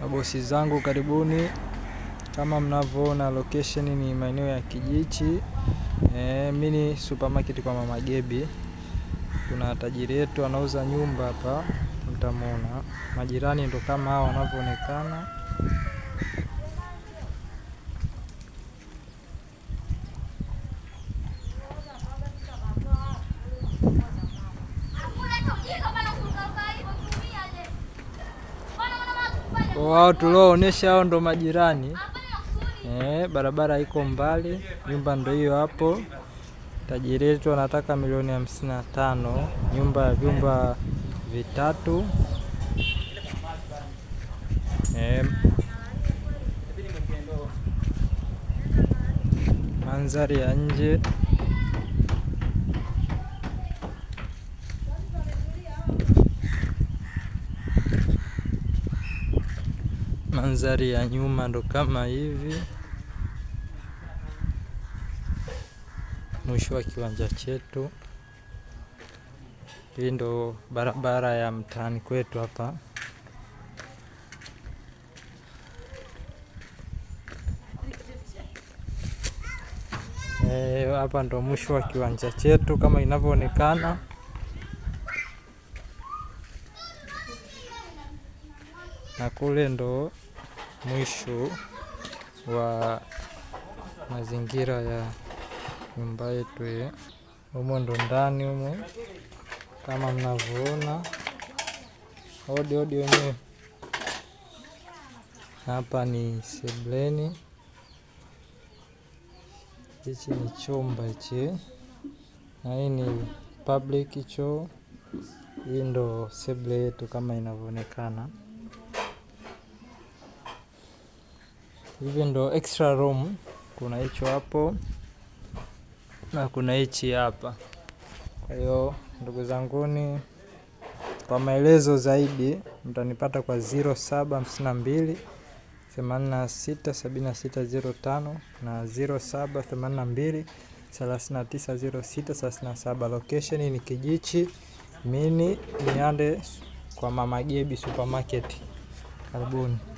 mabosi zangu, karibuni. Kama mnavyoona location ni maeneo ya Kijichi. E, eh, mini ni supermarket kwa Mama Gebi. Kuna tajiri yetu anauza nyumba hapa, mtamwona. Majirani ndo kama hao wanavyoonekana. wao tulioonyesha hao ndo majirani eh, barabara iko mbali, nyumba ndo hiyo hapo. Tajiri wetu anataka milioni hamsini na tano nyumba ya vyumba vitatu eh, mandhari ya nje Mandhari ya nyuma ndo kama hivi, mwisho wa kiwanja chetu. Hii ndo barabara ya mtaani kwetu hapa. Eh, hapa ndo mwisho wa kiwanja chetu kama inavyoonekana. na kule ndo mwisho wa mazingira ya nyumba yetu ye. Humo ndo ndani humo, kama mnavyoona, hodi hodi wenyewe. Hapa ni sebleni, hichi ni chumba hichi, na hii ni public choo. Hii ndo sebule yetu kama inavyoonekana. hivi ndo extra room, kuna hicho hapo na kuna hichi hapa. Kwa hiyo ndugu zanguni, kwa maelezo zaidi mtanipata kwa 0752 867605 na 0782 390637. Location ni Kijichi Mini niande kwa Mama Gebi Supermarket. Karibuni.